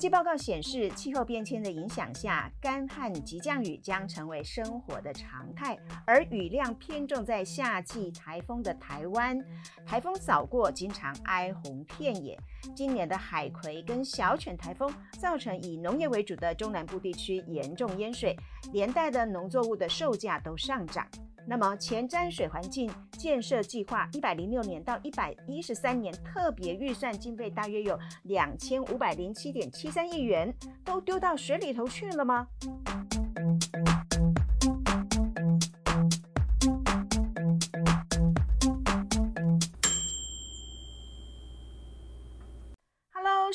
國際報告顯示，氣候變遷的影響下，乾旱、急降雨將成為生活的常態。而雨量偏重在夏季颱風的台灣，颱風掃過經常哀鴻遍野。今年的海葵跟小犬颱風造成以農業為主的中南部地區嚴重淹水，連帶的農作物的售價都上漲。那麼，前瞻水環境建設計劃一百零六年到一百一十三年特別預算經費大約有兩千五百零七點七三億元，都丟到水裡頭去了嗎？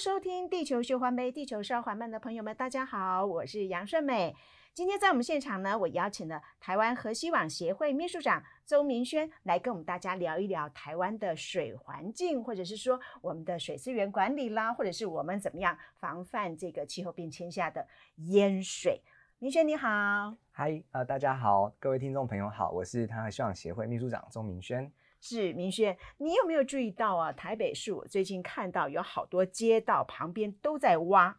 收聽地球《地球說環地球說環慢的朋友們，大家好，我是楊順美。今天在我們現場呢，我邀請了台灣河溪網協會秘書長周明軒，來跟我們大家聊一聊台灣的水環境，或者是說我們的水資源管理啦，或者是我們怎麼樣防範這個氣候變遷下的淹水。明軒你好，嗨，呃，大家好，各位聽眾朋友好，我是台灣河溪網協會秘書長周明軒。是明軒，你有沒有注意到啊？台北市我最近看到有好多街道旁邊都在挖，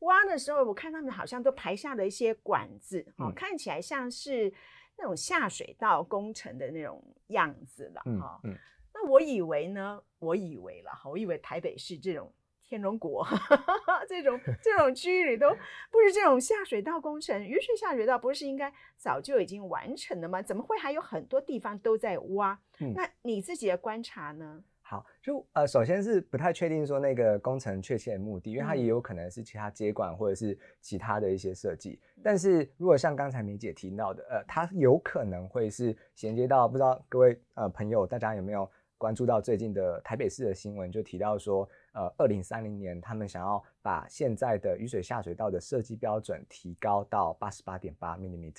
挖的時候我看他們好像都排下了一些管子，嗯、哦，看起來像是那種下水道工程的那種樣子了，哈、嗯嗯哦，那我以為呢，我以為了，哈，我以為台北市這種。天龍國這種這種區域裡都不是這種下水道工程，雨水下水道不是應該早就已經完成了嗎？怎麼會還有很多地方都在挖？嗯、那你自己的觀察呢？好，就呃，首先是不太確定說那個工程確切的目的，因為它也有可能是其他接管或者是其他的一些設計。但是如果像剛才明姐提到的，呃，它有可能會是銜接到，不知道各位呃朋友大家有沒有？關注到最近的台北市的新聞，就提到說，呃，二零三零年他們想要把現在的雨水下水道的設計標準提高到八十八點八毫米，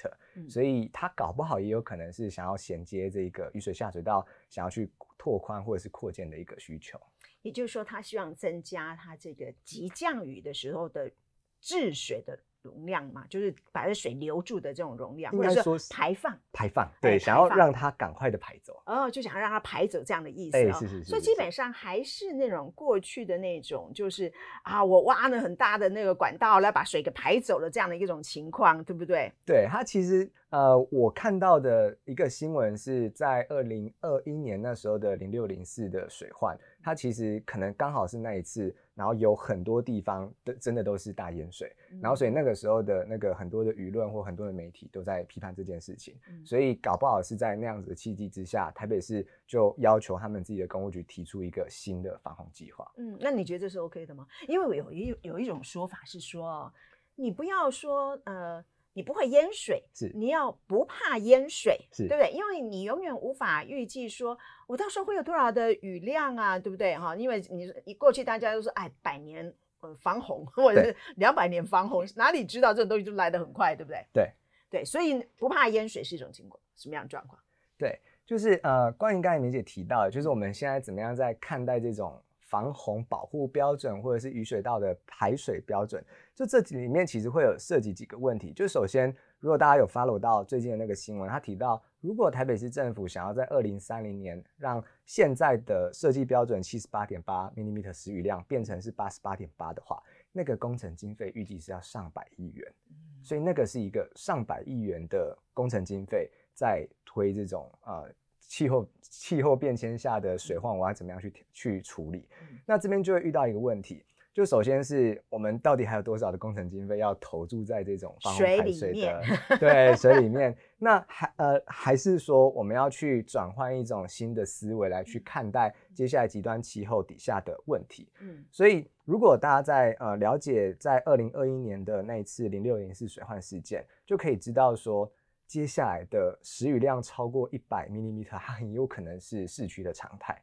所以他搞不好也有可能是想要銜接這個雨水下水道，想要去拓寬或者是擴建的一個需求。也就是說，他希望增加他這個急降雨的時候的治水的。容量嘛，就是把這水留住的這種容量，是或者說排放排放，對，放想要讓它趕快的排走，哦，就想要讓它排走這樣的意思、哦，哎、欸，是是是，是，是，所以基本上還是那種過去的那種，就是、嗯、啊，我挖了很大的那個管道來把水給排走了這樣的一種情況，對不對？對，它其實呃，我看到的一個新聞是在二零二一年那時候的零六零四的水患。它其實可能剛好是那一次，然後有很多地方都真的都是大淹水，嗯、然後所以那個時候的那個很多的輿論或很多的媒體都在批判這件事情，嗯、所以搞不好是在那樣子的契機之下，台北市就要求他們自己的工務局提出一個新的防洪計劃。嗯，那你覺得這是 OK 的嗎？因為有一有一種說法是說，你不要說呃。你不會淹水，是你要不怕淹水，是對不對？因為你永遠無法預計說，我到時候會有多少的雨量啊，對不對？哈，因為你你過去大家都說，哎，百年、呃、防洪或者是兩百年防洪，對哪裡知道這種東西就來得很快，對不對？對對，所以不怕淹水是一種情況，什麼樣的狀況？對，就是呃，關於剛才梅姐提到，就是我們現在怎麼樣在看待這種。防洪保護標準或者是雨水道的排水標準，就這裡面其實會有涉及幾個問題。就首先，如果大家有 follow 到最近的那個新聞，他提到，如果台北市政府想要在二零三零年讓現在的設計標準七十八點八 millimeter 時雨量變成是八十八點八的話，那個工程經費預計是要上百億元。所以那個是一個上百億元的工程經費在推這種呃。氣候氣候變遷下的水患，我要怎麼樣去、嗯、去處理？嗯、那這邊就會遇到一個問題，就首先是我們到底還有多少的工程經費要投注在這種水，的水裡面？ 對，水裡面。那還呃，還是說我們要去轉換一種新的思維來去看待接下來極端氣候底下的問題。嗯，所以如果大家在呃了解在二零二一年的那一次零六零四水患事件，就可以知道說。接下來的時雨量超過一百毫米，它很有可能是市區的常態。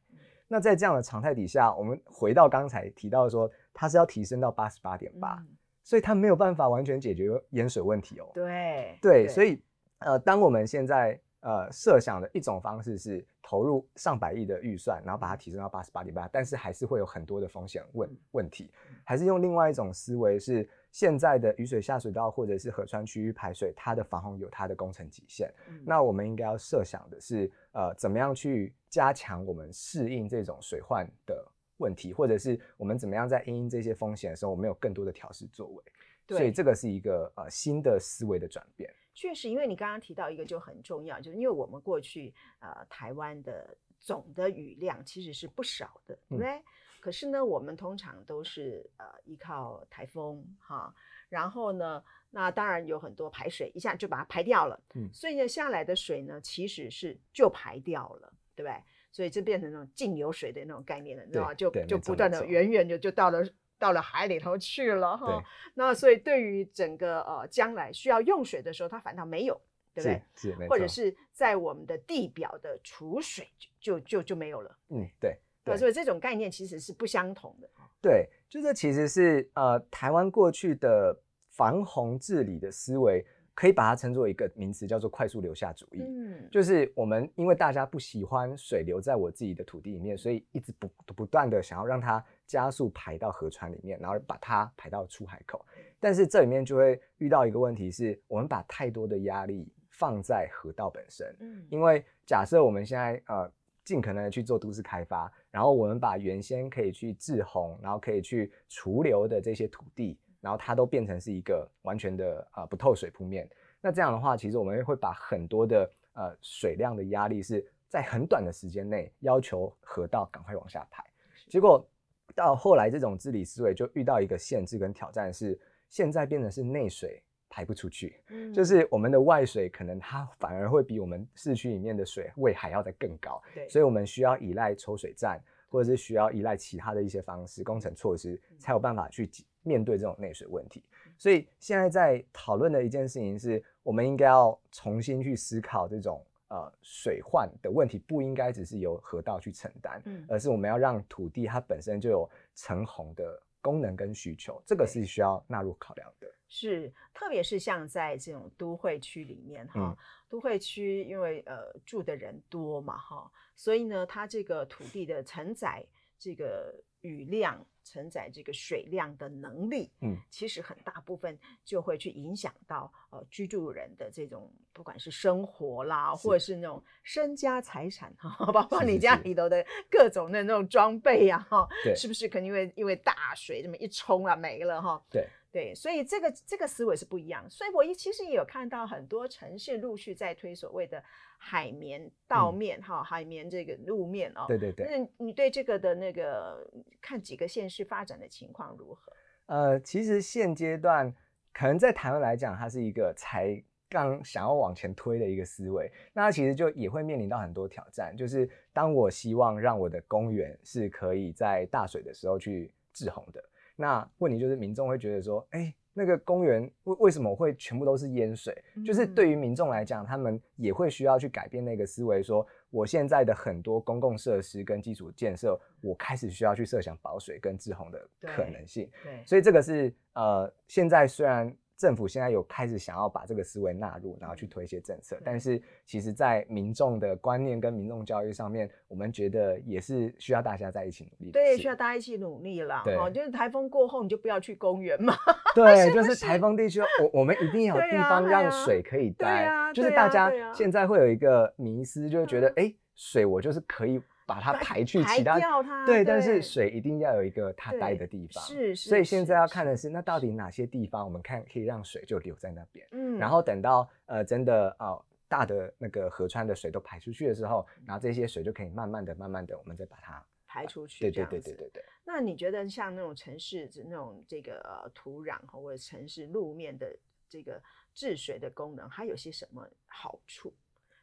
那在這樣的常態底下，我們回到剛才提到說，它是要提升到八十八點八，所以它沒有辦法完全解決淹水問題哦。對對，對對所以呃，當我們現在。呃，設想的一種方式是投入上百億的預算，然後把它提升到八十八點八，但是還是會有很多的風險問問題。嗯、還是用另外一種思維，是現在的雨水下水道或者是河川區域排水，它的防洪有它的工程極限。嗯、那我們應該要設想的是，呃，怎麼樣去加強我們適應這種水患的問題，或者是我們怎麼樣在因應這些風險的時候，我們有更多的調適作為。對所以這個是一個呃新的思維的轉變。確實，因為你剛剛提到一個就很重要，就是因為我們過去呃台灣的總的雨量其實是不少的，對不對？嗯、可是呢，我們通常都是呃依靠台風哈，然後呢，那當然有很多排水一下就把它排掉了，嗯，所以呢下來的水呢其實是就排掉了，對不對？所以就變成那種逕流水的那種概念了，對吧？就對就不斷的遠遠就走走就到了。到了海裡頭去了哈，對那所以對於整個呃，將來需要用水的時候，它反倒沒有，對不對？或者是在我們的地表的儲水就就就，就沒有了。嗯，對。對所以這種概念其實是不相同的。對，就這其實是呃台灣過去的防洪治理的思維。可以把它稱作一個名詞，叫做“快速留下主義”。嗯，就是我們因為大家不喜歡水流在我自己的土地裡面，所以一直不不斷的想要讓它加速排到河川裡面，然後把它排到出海口。但是這裡面就會遇到一個問題是，我們把太多的壓力放在河道本身。嗯，因為假設我們現在呃盡可能地去做都市開發，然後我們把原先可以去滯洪，然後可以去除流的這些土地。然後它都變成是一個完全的呃不透水鋪面，那這樣的話，其實我們會把很多的呃水量的壓力是在很短的時間內要求河道趕快往下排。結果到後來，這種治理思維就遇到一個限制跟挑戰是，是現在變成是內水排不出去，嗯，就是我們的外水可能它反而會比我們市區裡面的水位還要再更高，對所以我們需要依賴抽水站，或者是需要依賴其他的一些方式工程措施，才有辦法去。面對這種內水問題，所以現在在討論的一件事情是，我們應該要重新去思考這種呃水患的問題，不應該只是由河道去承擔，嗯、而是我們要讓土地它本身就有承洪的功能跟需求，這個是需要納入考量的。是，特別是像在這種都會區裡面哈，嗯、都會區因為呃住的人多嘛哈，所以呢，它這個土地的承載這個雨量。承載這個水量的能力，嗯，其實很大部分就會去影響到呃居住人的這種不管是生活啦，是或者是那種身家財產哈，包括你家裡頭的各種的那種裝備呀、啊、哈，對，是不是肯定會因為大水這麼一衝啊沒了哈？對。對，所以這個這個思維是不一樣。所以我也其實也有看到很多城市陸續在推所謂的海綿道面，哈、嗯哦，海綿這個路面哦。對對對。那你對這個的那個看幾個縣市發展的情況如何？呃，其實現階段可能在台灣來講，它是一個才剛想要往前推的一個思維，那它其實就也會面臨到很多挑戰。就是當我希望讓我的公園是可以在大水的時候去滯洪的。那問題就是民眾會覺得說，哎、欸，那個公園為為什麼會全部都是淹水？嗯、就是對於民眾來講，他們也會需要去改變那個思維，說我現在的很多公共設施跟基礎建設，我開始需要去設想保水跟滯洪的可能性。對對，所以這個是呃，現在雖然。政府現在有開始想要把這個思維納入，然後去推一些政策，對但是其實，在民眾的觀念跟民眾教育上面，我們覺得也是需要大家在一起努力的。對，需要大家一起努力啦。對哦，就是台風過後你就不要去公園嘛。對，是是，就是台風地區，我我們一定要有地方讓水可以待。就是大家現在會有一個迷思，就是覺得哎、欸，水我就是可以把它排去，其他掉它。對，對對，但是水一定要有一個它待的地方。是是。是，所以現在要看的是，是是，那到底哪些地方我們看可以讓水就留在那邊？嗯。然後等到呃真的、哦、大的那個河川的水都排出去的時候，嗯、然後這些水就可以慢慢的、慢慢的，我們再把它排出去。對，對對對對對對。那你覺得像那種城市那種這個、呃、土壤或者城市路面的這個治水的功能，它有些什麼好處？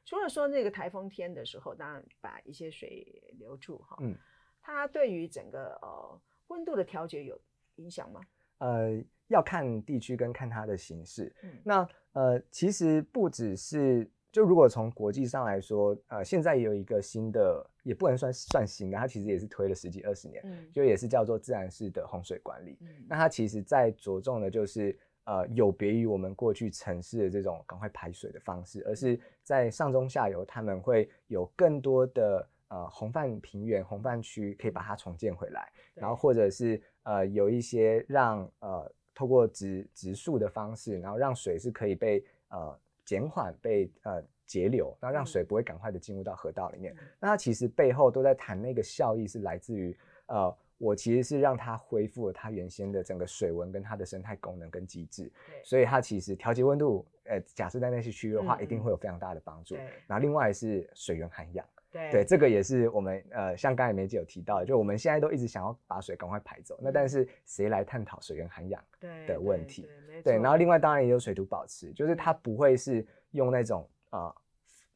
除了說那個颱風天的時候，當然把一些水留住哈，嗯，它對於整個呃溫度的調節有影響嗎？呃，要看地區跟看它的形式。嗯，那呃，其實不只是就如果從國際上來說，呃，現在有一個新的，也不能算算新的，它其實也是推了十幾二十年，嗯，就也是叫做自然式的洪水管理。嗯，那它其實在着重的就是。呃，有別於我們過去城市的這種趕快排水的方式，而是在上中下游，他們會有更多的呃洪泛平原、洪泛區可以把它重建回來，然後或者是呃有一些讓呃透過植植樹的方式，然後讓水是可以被呃減緩、被呃截流，然後讓水不會趕快的進入到河道裡面。那它其實背後都在談那個效益是來自於呃。我其實是讓它恢復了它原先的整個水溫跟它的生態功能跟機制，對所以它其實調節溫度，呃，假設在那些區域的話，嗯嗯一定會有非常大的幫助。對然後另外是水源涵養，對，對，這個也是我們呃，像剛才梅姐有提到，就我們現在都一直想要把水趕快排走，嗯、那但是誰來探討水源涵養的問題？對，對，對，對，然後另外當然也有水土保持，就是它不會是用那種啊。呃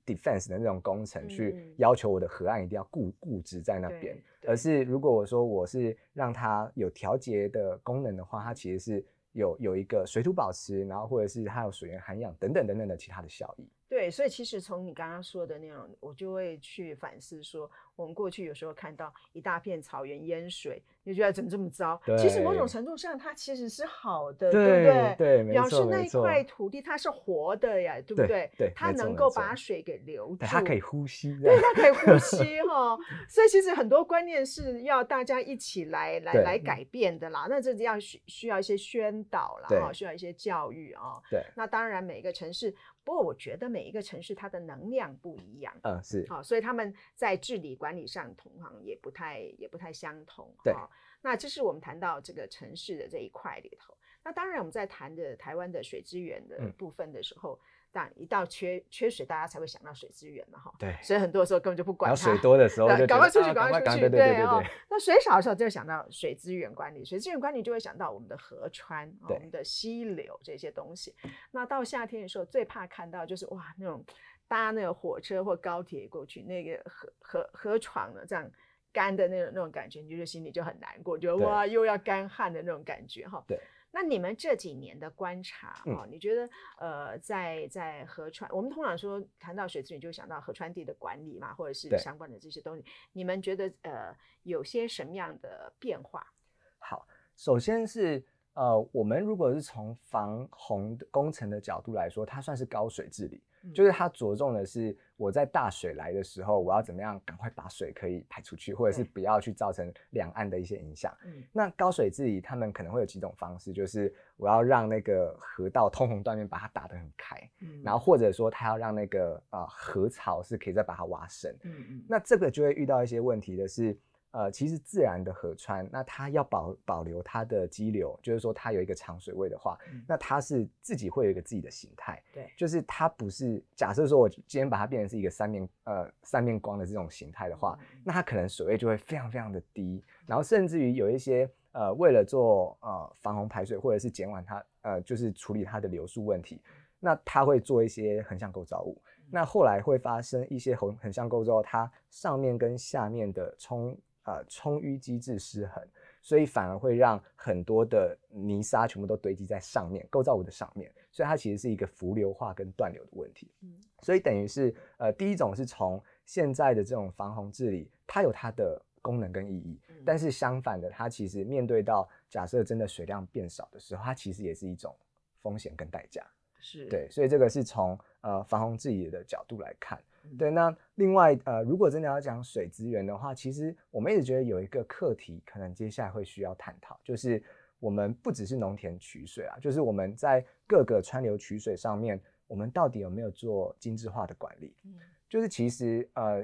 defense 的那種工程去要求我的河岸一定要固固執在那邊，嗯、而是如果我說我是讓它有調節的功能的話，它其實是有有一個水土保持，然後或者是它有水源涵養等等等等的其他的效益。對，所以其實從你剛剛說的那種，我就會去反思說，我們過去有時候看到一大片草原淹水，你覺得怎麼這麼糟？其實某種程度上，它其實是好的，對不對？對，表示那一塊土地它是活的呀，對不對？它能夠把水給流走。它可以呼吸，對，它可以呼吸哈。所以其實很多觀念是要大家一起來、來、來改變的啦。那這要需需要一些宣導啦，哈，需要一些教育啊。對，那當然每個城市，不過我覺得每一個城市，它的能量不一樣。嗯，是。好、哦，所以他們在治理管理上，同行也不太，也不太相同。對。哦、那這是我們談到這個城市的這一塊裡頭。那當然，我們在談的台灣的水資源的部分的時候。嗯但一到缺缺水，大家才會想到水資源嘛，哈。對。所以很多的時候根本就不管它。然後，水多的時候就，趕快出去，啊、趕快出去，趕趕對，對，對，對，對，對哦，那水少的時候，就想到水資源管理。水資源管理就會想到我們的河川、對哦、我們的溪流這些東西。那到夏天的時候，最怕看到就是哇，那種搭那個火車或高鐵過去，那個河河河床的這樣乾的那種那種感覺，你就心裡就很難過，就哇對又要乾旱的那種感覺哈。哦、對。那你們這幾年的觀察啊、哦，嗯、你覺得呃，在在河川，我們通常說談到水資源，就想到河川地的管理嘛，或者是相關的這些東西，對你們覺得呃，有些什麼樣的變化？嗯、好，首先是。呃，我們如果是從防洪工程的角度來說，它算是高水治理，嗯、就是它着重的是我在大水來的時候，我要怎麼樣趕快把水可以排出去，或者是不要去造成兩岸的一些影響。對那高水治理，他們可能會有幾種方式，就是我要讓那個河道通洪斷面把它打得很開，嗯、然後或者說它要讓那個、呃、河槽是可以再把它挖深，嗯嗯，那這個就會遇到一些問題的是。呃，其實自然的河川，那它要保保留它的基流，就是說它有一個常水位的話，那它是自己會有一個自己的形態，對、嗯，就是它不是假設說我今天把它變成是一個三面呃三面光的這種形態的話，嗯、那它可能水位就會非常非常的低，然後甚至於有一些呃為了做呃防洪排水或者是減緩它呃就是處理它的流速問題，那它會做一些橫向構造物，嗯、那後來會發生一些橫橫向構造，它上面跟下面的沖。呃，沖淤機制失衡，所以反而會讓很多的泥沙全部都堆積在上面，構造物的上面，所以它其實是一個浮流化跟斷流的問題。嗯，所以等於是，呃，第一種是從現在的這種防洪治理，它有它的功能跟意義，嗯，但是相反的，它其實面對到假設真的水量變少的時候，它其實也是一種風險跟代價。是對，所以這個是從呃防洪治理的角度來看。對，那另外呃，如果真的要講水資源的話，其實我們一直覺得有一個課題，可能接下來會需要探討，就是我們不只是農田取水啊，就是我們在各個川流取水上面，我們到底有沒有做精緻化的管理？嗯，就是其實呃，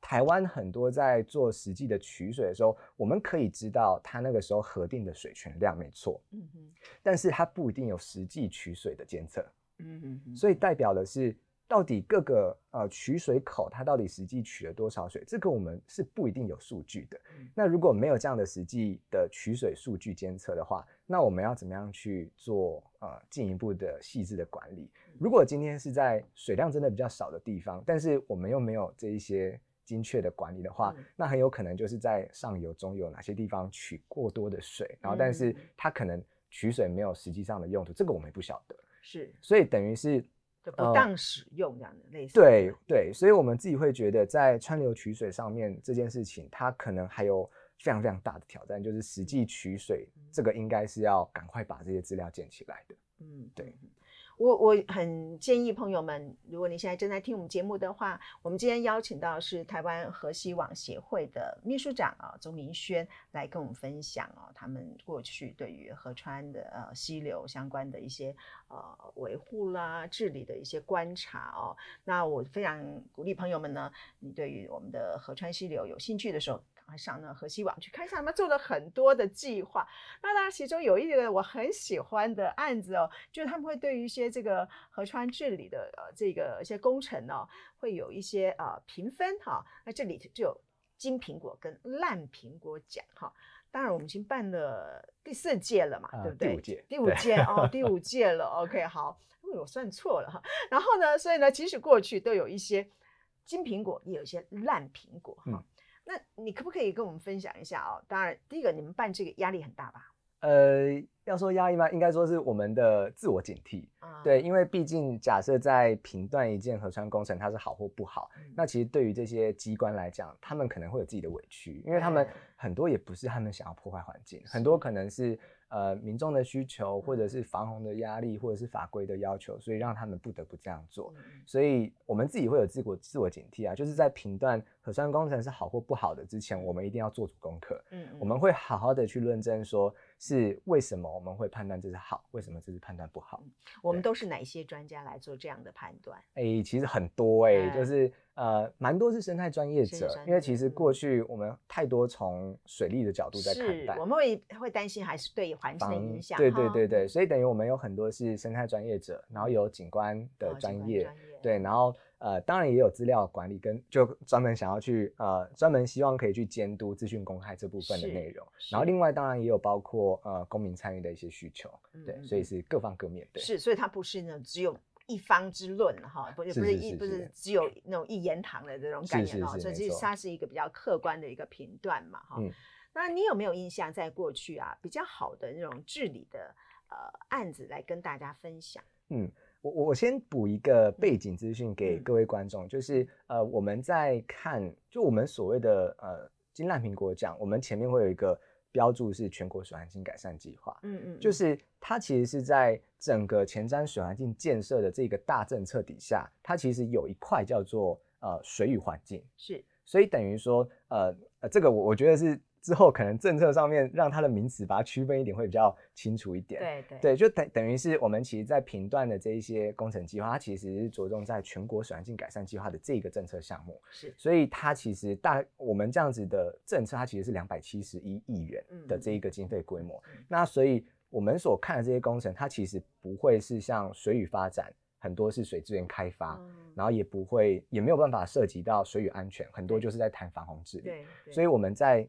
台灣很多在做實際的取水的時候，我們可以知道它那個時候核定的水權量沒錯，嗯哼，但是它不一定有實際取水的監測，嗯哼，所以代表的是。到底各個呃取水口，它到底實際取了多少水？這個我們是不一定有數據的。嗯、那如果沒有這樣的實際的取水數據監測的話，那我們要怎麼樣去做呃進一步的細緻的管理？嗯、如果今天是在水量真的比較少的地方，但是我們又沒有這一些精確的管理的話，嗯、那很有可能就是在上游、中游哪些地方取過多的水，然後但是它可能取水沒有實際上的用途，這個我們也不曉得。是，所以等於是。就不當使用這樣的類似、呃、對對，所以我們自己會覺得，在川流取水上面這件事情，它可能還有非常非常大的挑戰，就是實際取水、嗯、這個，應該是要趕快把這些資料建起來的，嗯，對、嗯。嗯我我很建議朋友們，如果你現在正在聽我們節目的話，我們今天邀請到是台灣河溪網協會的秘書長啊周明軒來跟我們分享哦、啊，他們過去對於河川的呃溪流相關的一些呃維護啦、治理的一些觀察哦。那我非常鼓勵朋友們呢，你對於我們的河川溪流有興趣的時候，上那河溪網去看一下，他們做了很多的計劃。那當然，其中有一個我很喜歡的案子哦，就是他們會對於一些這個河川治理的呃這個一些工程呢、哦，會有一些呃評分哈、哦。那這裡就有金蘋果跟爛蘋果獎哈、哦。當然，我們已經辦了第四屆了嘛，嗯、對不對？第五屆，第五屆對哦，第五屆了。 OK，好，因、嗯、為我算錯了哈。然後呢，所以呢，其實過去都有一些金蘋果，也有一些爛蘋果哈。嗯那你可不可以跟我們分享一下哦，當然，第一個你們辦這個壓力很大吧？呃，要說壓力嗎？應該說是我們的自我警惕。嗯、對，因為畢竟假設在評斷一件河川工程，它是好或不好，嗯、那其實對於這些機關來講，他們可能會有自己的委屈，因為他們很多也不是他們想要破壞環境，嗯、很多可能是。呃，民眾的需求，或者是防洪的壓力，或者是法規的要求，所以讓他們不得不這樣做。嗯、所以我們自己會有自我自我警惕啊，就是在評斷核酸工程是好或不好的之前，我們一定要做足功課。嗯，嗯，我們會好好的去論證說。是為什麼我們會判斷這是好？為什麼這是判斷不好？我們都是哪些專家來做這樣的判斷？哎、欸，其實很多哎、欸，啊、就是呃，蠻多是生態專業者，業者，因為其實過去我們太多從水利的角度在看待，是，我們會會擔心還是對環境的影響，對對對對，所以等於我們有很多是生態專業者，然後有景觀的專業，專業，對，然後。呃，當然也有資料管理跟就專門想要去呃專門希望可以去監督資訊公開這部分的內容，然後另外當然也有包括呃公民參與的一些需求，對，嗯，所以是各方各面，對，是，所以它不是那只有一方之論哈，不是不是一不是只有那種一言堂的這種概念哈，所以其實它是一個比較客觀的一個評斷嘛哈。嗯，那你有沒有印象在過去啊比較好的那種治理的呃案子來跟大家分享？嗯。我我先補一個背景資訊給各位觀眾，嗯、就是呃，我們在看就我們所謂的呃金爛蘋果獎，我們前面會有一個標注是全國水環境改善計劃，嗯嗯，就是它其實是在整個前瞻水環境建設的這個大政策底下，它其實有一塊叫做呃水與環境，是，所以等於說呃呃這個我我覺得是。之後可能政策上面讓它的名詞把它區分一點會比較清楚一點，對對,對就等等於是我們其實，在評斷的這一些工程計劃，它其實是着重在全國水環境改善計劃的這一個政策項目，是，所以它其實大我們這樣子的政策，它其實是兩百七十一億元的這一個經費規模。嗯嗯嗯、那所以我們所看的這些工程，它其實不會是像水與發展很多是水資源開發，嗯、然後也不會也沒有辦法涉及到水與安全，很多就是在談防洪治理。所以我們在。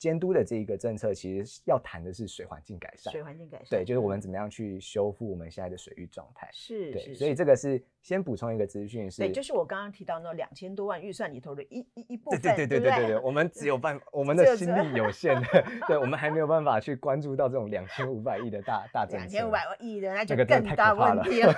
監督的這一個政策，其實要談的是水環境改善。水環境改善，對，就是我們怎麼樣去修復我們現在的水域狀態。是，對，所以這個是先補充一個資訊，是。對，就是我剛剛提到那兩千多萬預算裡頭的一一一部分。對對對對對對，我們只有辦，我們的心力有限。對，我們還沒有辦法去關注到這種兩千五百億的大大政策。兩千五百億的，那就更大問題了，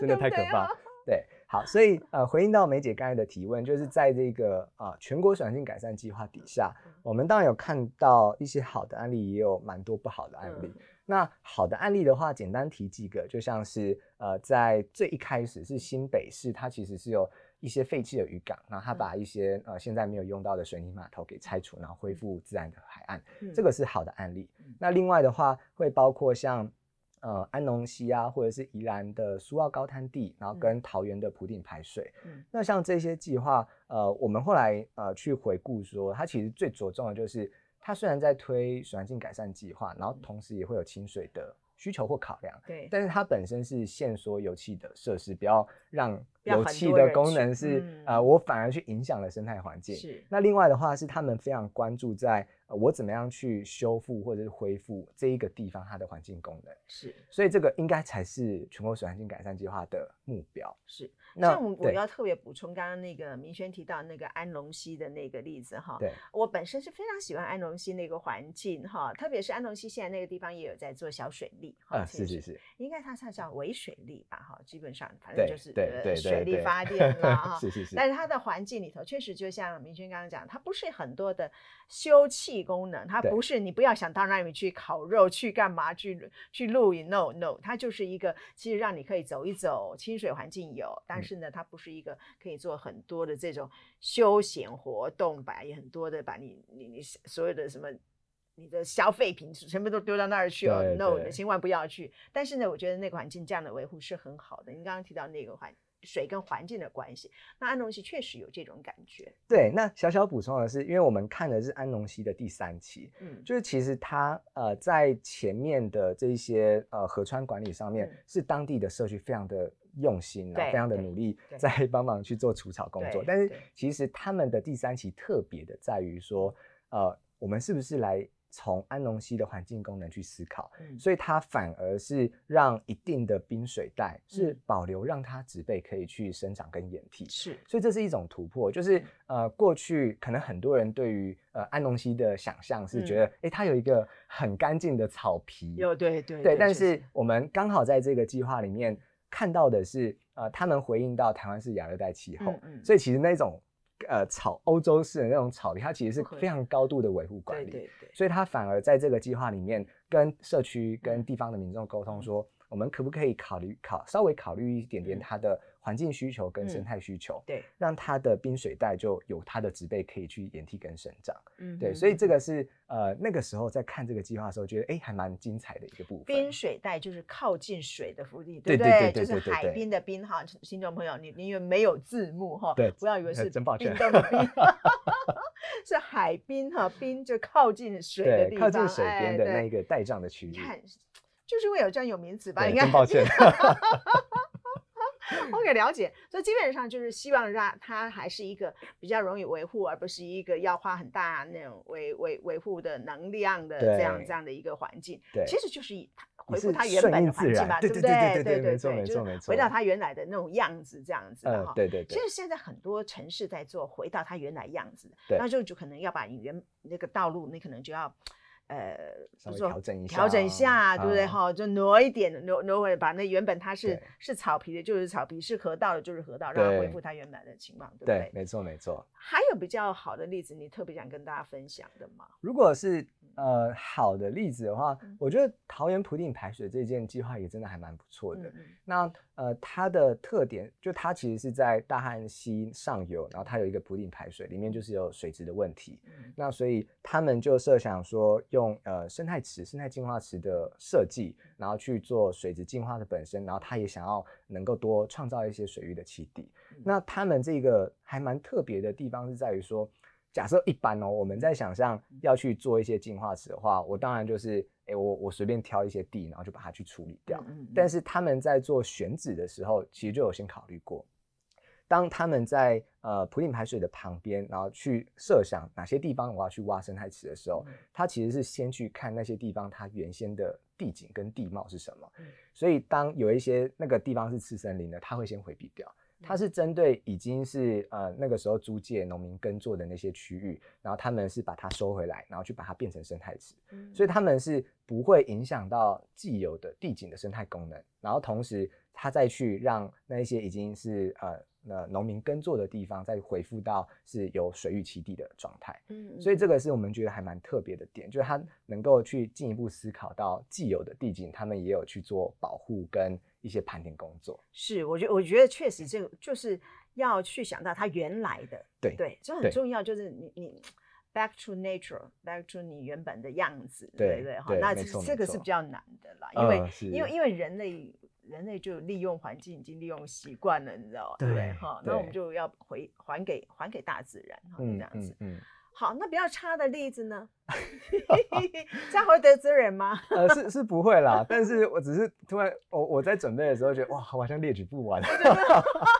真的太可怕。對，好，所以呃，回應到梅姐剛才的提問，就是在這個啊全國水環境改善計劃底下。我們當然有看到一些好的案例，也有蠻多不好的案例。嗯、那好的案例的話，簡單提幾個，就像是呃，在最一開始是新北市，它其實是有一些廢棄的漁港，然後它把一些、嗯、呃現在沒有用到的水泥碼頭給拆除，然後恢復自然的海岸，嗯、這個是好的案例。嗯、那另外的話，會包括像。呃、嗯，安農溪啊，或者是宜蘭的蘇澳高灘地，然後跟桃園的埔頂排水，嗯、那像這些計劃，呃，我們後來呃去回顧說，它其實最着重的就是，它雖然在推水環境改善計劃，然後同時也會有清水的。嗯嗯需求或考量，對，但是它本身是限縮油氣的設施，不要讓油氣的功能是啊、嗯呃，我反而去影響了生態環境。是，那另外的話是他們非常關注在、呃、我怎麼樣去修復或者是恢復這一個地方它的環境功能。是，所以這個應該才是全國水環境改善計劃的目標。是。那我 no，我要特別補充剛剛那個明軒提到那個安龍溪的那個例子哈，對，我本身是非常喜歡安龍溪那個環境哈，特別是安龍溪現在那個地方也有在做小水利哈、啊，是是是，是應該它它叫微水利吧哈，基本上反正就是對呃水力發電啦，是是，但是它的環境裡頭確實就像明軒剛剛講，它不是很多的休憩功能，它不是你不要想到那裡去烤肉去幹嘛去去露營，no no，它就是一個其實讓你可以走一走，清水環境有，但是。但是呢，它不是一個可以做很多的這種休閒活動吧，也很多的，把你你你所有的什麼你的消費品全部都丟到那兒去，No，千萬不要去。但是呢，我覺得那個環境這樣的維護是很好的。你剛剛提到那個環水跟環境的關係，那安農溪確實有這種感覺。對，那小小補充的是，因為我們看的是安農溪的第三期，嗯，就是其實它呃在前面的這一些呃河川管理上面，嗯、是當地的社區非常的。用心非常的努力在幫忙去做除草工作，但是其實他們的第三期特別的在於說，呃，我們是不是來從安農溪的環境功能去思考，所以它反而是讓一定的冰水帶是保留，讓它植被可以去生長跟演替。是，所以這是一種突破，就是呃，過去可能很多人對於呃安農溪的想象是覺得，誒，它有一個很乾淨的草皮，有對對對，但是我們剛好在這個計劃裡面。看到的是，呃，他能回應到台灣是亞熱帶氣候，嗯嗯，所以其實那種，呃，草歐洲式的那種草地，它其實是非常高度的維護管理，Okay. 對對對，所以他反而在這個計劃裡面跟社區、跟地方的民眾溝通說，嗯、我們可不可以考慮考稍微考慮一點點它的。環境需求跟生態需求，對，讓它的濱水帶就有它的植被可以去演替跟生長，嗯，對，所以這個是呃那個時候在看這個計劃的時候，覺得哎還蠻精彩的一個部分。濱水帶就是靠近水的附近，對對對對，就是海濱的濱哈。聽眾朋友，你因為沒有字幕哈，對，不要以為是冰凍的冰，是海濱哈，濱就靠近水的地方，靠近水邊的那個帶狀的區域，就是會有這樣有名詞吧？你看，真抱歉。我也了解，所以基本上就是希望讓它還是一個比較容易維護，而不是一個要花很大那種維維維護的能量的這樣這樣的一個環境。對，其實就是以它回復它原本的環境吧，對不對？對對對對，就回到它原來的那種樣子這樣子的哈。對對，其實現在很多城市在做回到它原來樣子，那就就可能要把原那個道路，你可能就要。呃，稍微調整一下，調整一下，對不對？哈，就挪一點，挪挪回，把那原本它是是草皮的，就是草皮，是河道的，就是河道，讓它恢復它原本的情況，對不對？沒錯，沒錯。還有比較好的例子，你特別想跟大家分享的嗎？如果是呃好的例子的話，我覺得桃園埔頂排水這件計劃也真的還蠻不錯的。那呃它的特點就它其實是在大漢溪上游，然後它有一個埔頂排水，裡面就是有水質的問題，那所以他們就設想說。用呃生態池、生態淨化池的設計，然後去做水質淨化的本身，然後他也想要能夠多創造一些水域的棲地。嗯、那他們這個還蠻特別的地方是在於說，假設一般哦，我們在想象要去做一些淨化池的話，我當然就是誒、欸，我我隨便挑一些地，然後就把它去處理掉。嗯嗯，但是他們在做選址的時候，其實就有先考慮過。當他們在呃普林排水的旁邊，然後去設想哪些地方我要去挖生態池的時候，嗯、他其實是先去看那些地方它原先的地景跟地貌是什麼。嗯、所以當有一些那個地方是次森林的，他會先回避掉。它、嗯、是針對已經是呃那個時候租借農民耕作的那些區域，然後他們是把它收回來，然後去把它變成生態池。嗯、所以他們是不會影響到既有的地景的生態功能，然後同時他再去讓那些已經是呃。那農民耕作的地方再恢復，到是有水域棲地的狀態，嗯，所以這個是我們覺得還蠻特別的點，就是它能夠去進一步思考到既有的地景，他們也有去做保護跟一些盤點工作。是，我覺我覺得確實是就是要去想到它原來的，對、嗯、對，就對很重要，就是你你 back to nature，back to 你原本的樣子，對對哈吧，對那這個是比較難的啦，嗯、因為因為是因為人類。人類就利用環境，已經利用習慣了，你知道，對對？哈，那我們就要回還給還給大自然，嗯、這樣子。嗯嗯好，那比較差的例子呢？ 這樣會得罪人嗎？呃，是是不會啦，但是我只是突然，我我在準備的時候覺得，哇，好像列舉不完，哦、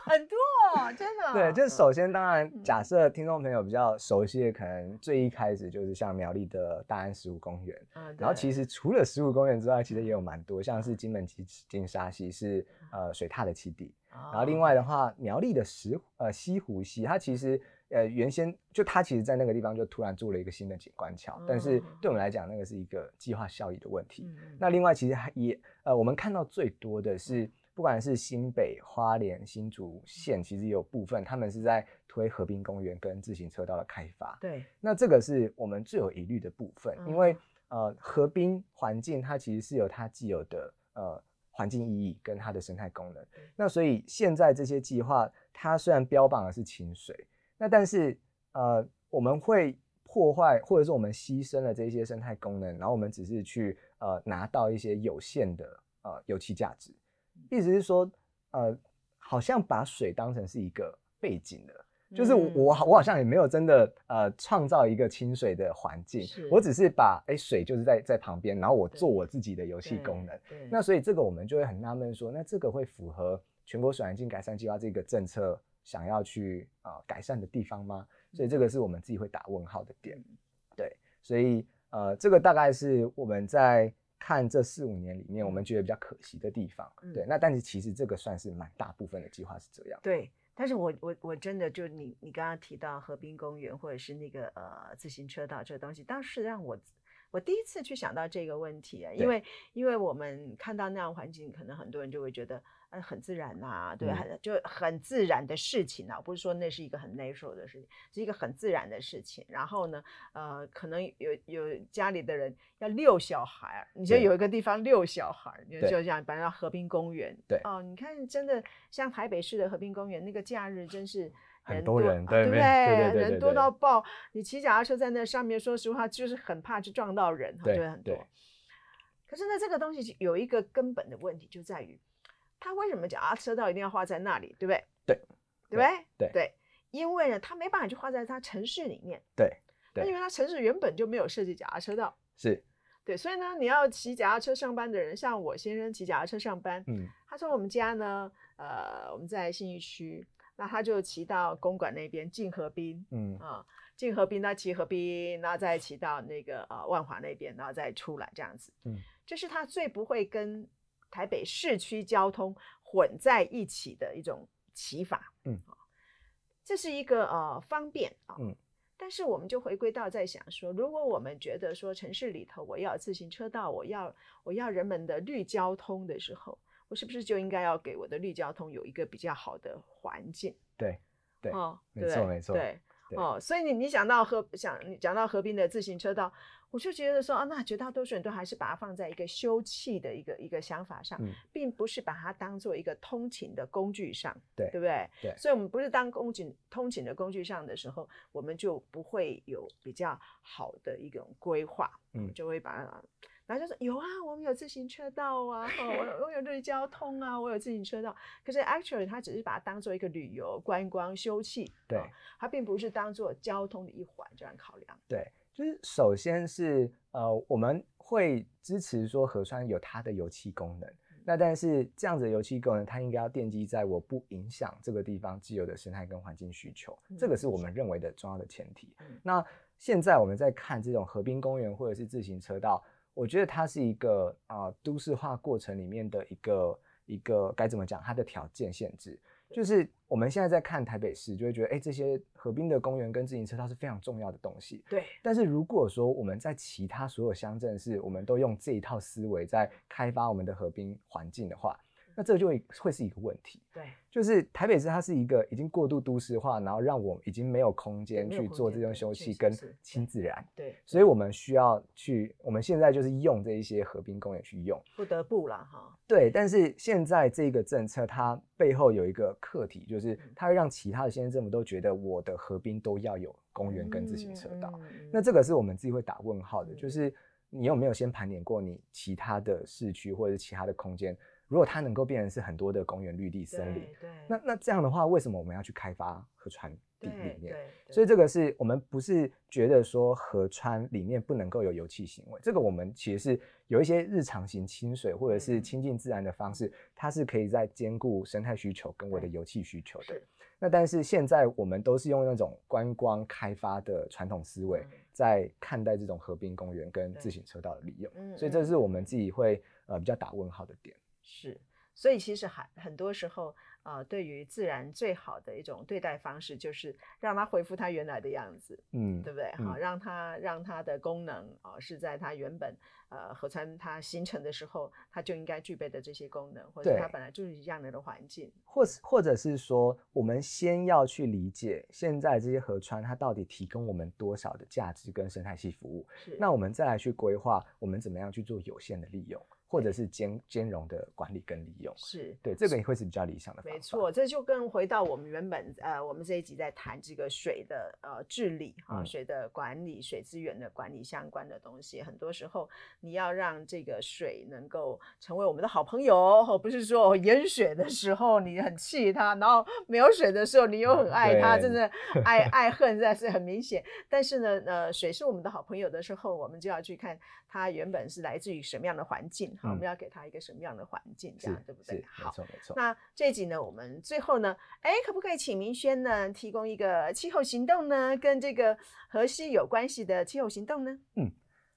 很多、哦，真的、哦。對，就是首先，當然，假設聽眾朋友比較熟悉的，可能最一開始就是像苗栗的大安石虎公園，嗯、然後其實除了石虎公園之外，其實也有蠻多，像是金門溪、金沙溪是呃水獺的棲地。哦、然後另外的話，苗栗的石呃西湖溪，它其實。呃，原先就他其實，在那個地方就突然做了一個新的景觀橋，哦、但是對我們來講，那個是一個計劃效益的問題。嗯、那另外，其實也呃，我們看到最多的是，嗯、不管是新北、花蓮、新竹縣、嗯、其實有部分他們是在推河濱公園跟自行車道的開發。對，那這個是我們最有疑慮的部分，嗯、因為呃，河濱環境它其實是有它既有的呃環境意義跟它的生態功能。嗯、那所以現在這些計劃，它雖然標榜的是清水。那但是，呃，我們會破壞，或者說我們犧牲了這些生態功能，然後我們只是去呃拿到一些有限的呃遊憩價值，意思是說，呃，好像把水當成是一個背景的，就是我我好像也沒有真的呃創造一個清水的環境，是我只是把誒、欸，水就是在在旁邊，然後我做我自己的遊憩功能。那所以這個我們就會很納悶說，那這個會符合全國水環境改善計劃這個政策？想要去啊、呃、改善的地方嗎？所以這個是我們自己會打問號的點，嗯、對，所以呃，這個大概是我們在看這四五年裡面，我們覺得比較可惜的地方。嗯、對，那但是其實這個算是蠻大部分的計劃是這樣。對，但是我我我真的就你你剛剛提到河濱公園或者是那個呃自行車道這個東西，當時讓我我第一次去想到這個問題，因為對因為我們看到那樣環境，可能很多人就會覺得。很自然吶，對，就很自然的事情啊。不是說那是一個很 natural 的事情，是一個很自然的事情。然後呢，呃，可能有有家裡的人要遛小孩，你就有一個地方遛小孩，你就這樣搬到河濱公園。對哦，你看，真的像台北市的河濱公園，那個假日真是人多，對不對？人多到爆，你騎腳踏車在那上面，說實話就是很怕去撞到人，對，很多。可是呢，這個東西有一個根本的問題就在於。他為什麼腳踏車道一定要畫在那裡，對不對？對，對唄，對對對，因為呢，他沒辦法去畫在他城市裡面。對，那對因為他城市原本就沒有設計腳踏車道。是，對，所以呢，你要騎腳踏車上班的人，像我先生騎腳踏車上班，嗯，他說我們家呢，呃，我們在信義區，那他就騎到公館那邊，進河濱，嗯啊，進河濱，那騎河濱，然後再騎到那個呃萬華那邊，然後再出來這樣子。嗯，這是他最不會跟。台北市區交通混在一起的一種騎法，嗯、哦，這是一個呃方便啊，哦嗯、但是我們就回歸到在想說，如果我們覺得說城市裡頭我要自行車道，我要我要人們的綠交通的時候，我是不是就應該要給我的綠交通有一個比較好的環境？對，對，哦、沒錯錯，沒錯，對，錯對哦，所以你你想到和想講到和平的自行車道。我就覺得說啊，那絕大多數人都還是把它放在一個休憩的一個一個想法上，嗯、並不是把它當做一個通勤的工具上，對，對不對？對。所以，我們不是當公警，通勤的工具上的時候，我們就不會有比較好的一個種規劃，嗯，就會把它，嗯、然後就說有啊，我們有自行車道啊，我、 哦、我有綠交通啊，我有自行車道。可是，actually，他只是把它當做一個旅遊觀光休憩，對，他、哦、並不是當做交通的一環這樣考量，對。就是，首先是呃，我們會支持說，河川有它的遊憩功能。嗯、那但是，這樣子的遊憩功能，它應該要奠基在我不影響這個地方既有的生態跟環境需求，嗯、這個是我們認為的重要的前提。嗯、那現在我們在看這種河濱公園或者是自行車道，我覺得它是一個啊、呃，都市化過程裡面的一個一個該怎麼講，它的條件限制。就是我們現在在看台北市，就會覺得，哎、欸，這些河濱的公園跟自行車它是非常重要的東西。對。但是如果說我們在其他所有鄉鎮市，我們都用這一套思維在開發我們的河濱環境的話，那這就會，會是一個問題，對，就是台北市它是一個已經過度都市化，然後讓我已經沒有空間去做這種休息跟親自然，對，對對，所以我們需要去，我們現在就是用這一些河濱公園去用，不得不啦。哈，對，但是現在這個政策它背後有一個課題，就是它會讓其他的縣政府都覺得我的河濱都要有公園跟自行車道，嗯嗯、那這個是我們自己會打問號的，就是你有沒有先盤點過你其他的市區或者其他的空間？如果它能夠變成是很多的公園綠地、森林，對對那那這樣的話，為什麼我們要去開發河川地裡面？對對對所以這個是我們不是覺得說河川裡面不能夠有遊憩行為。這個我們其實是有一些日常型清水或者是親近自然的方式，對它是可以在兼顧生態需求跟我的遊憩需求的。對那但是現在我們都是用那種觀光開發的傳統思維，在看待這種河濱公園跟自行車道的利用。對所以這是我們自己會呃比較打問號的點。是，所以其實還很多時候，呃，對於自然最好的一種對待方式，就是讓它恢復它原來的樣子，嗯，對不對？好、嗯哦，讓它讓它的功能啊、呃，是在它原本呃河川它形成的時候，它就應該具備的這些功能，或者它本來就是一樣的環境，或對對或者是說，我們先要去理解現在這些河川它到底提供我們多少的價值跟生態系服務，是那我們再來去規劃我們怎麼樣去做有限的利用。或者是兼兼容的管理跟利用，是對這個也會是比較理想的。沒錯，這就跟回到我們原本呃，我們這一集在談這個水的呃治理啊，水的管理、水資源的管理相關的東西。嗯、很多時候，你要讓這個水能夠成為我們的好朋友，而不是說淹水的時候你很氣他，然後沒有水的時候你又很愛他，嗯、真的愛愛恨真的是很明顯。 但是呢，呃，水是我們的好朋友的時候，我們就要去看它原本是來自於什麼樣的環境。好，我們要給他一個什麼樣的環境，這樣對不對？是好，沒錯錯，沒錯。那這一集呢，我們最後呢，哎、欸，可不可以請明軒呢，提供一個氣候行動呢，跟這個河西有關係的氣候行動呢？嗯，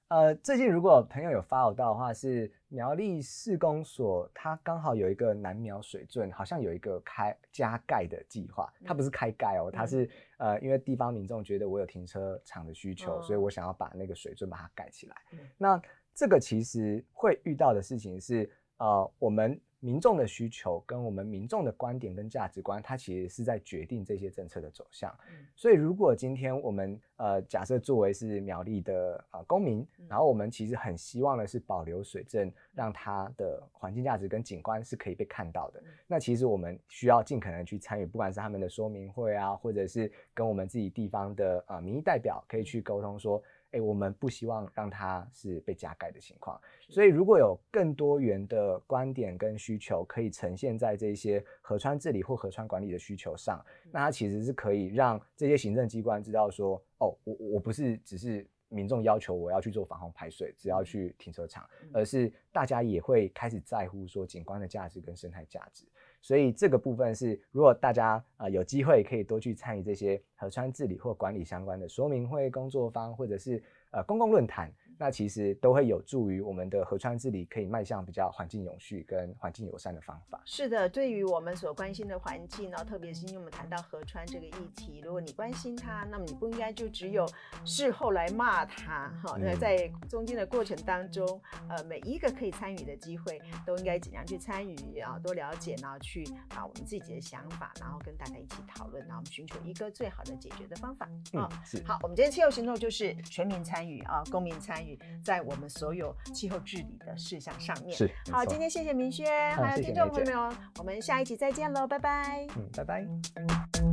呃，最近如果朋友有發我到的話，是苗栗市公所，它剛好有一個南苗水圳，好像有一個開加蓋的計劃。它不是開蓋哦、喔，嗯、它是呃，因為地方民眾覺得我有停車場的需求，哦、所以我想要把那個水圳把它蓋起來。嗯、那。這個其實會遇到的事情是，呃，我們民眾的需求跟我們民眾的觀點跟價值觀，它其實是在決定這些政策的走向。嗯、所以，如果今天我們呃假設作為是苗栗的啊、呃、公民，然後我們其實很希望的是保留水圳，讓它的環境價值跟景觀是可以被看到的。那其實我們需要盡可能去參與，不管是他們的說明會啊，或者是跟我們自己地方的啊民意代表可以去溝通說。誒、欸，我們不希望讓它是被加蓋的情況，所以如果有更多元的觀點跟需求可以呈現在這些河川治理或河川管理的需求上，那它其實是可以讓這些行政機關知道說，哦，我我不是只是民眾要求我要去做防洪排水，只要去停車場，而是大家也會開始在乎說景觀的價值跟生態價值。所以這個部分是，如果大家啊、呃、有機會，可以多去參與這些河川治理或管理相關的說明會、工作坊，或者是呃公共論壇。那其實都會有助於我們的河川治理，可以邁向比較環境永續跟環境友善的方法。是的，對於我們所關心的環境呢、喔，特別是因為我們談到河川這個議題，如果你關心它，那麼你不應該就只有事後來罵它哈，那在中間的過程當中，呃，每一個可以參與的機會，都應該盡量去參與啊，多了解然後去把我們自己的想法，然後跟大家一起討論，然後我們尋求一個最好的解決的方法、嗯，是喔、好，我們今天氣候行動就是全民參與啊，公民參與。.在我們所有氣候治理的事項上面，是好。錯今天謝謝明軒，嗯、還有聽眾朋友們，啊、謝謝我們下一集再見嘍，拜拜。拜拜、嗯。Bye bye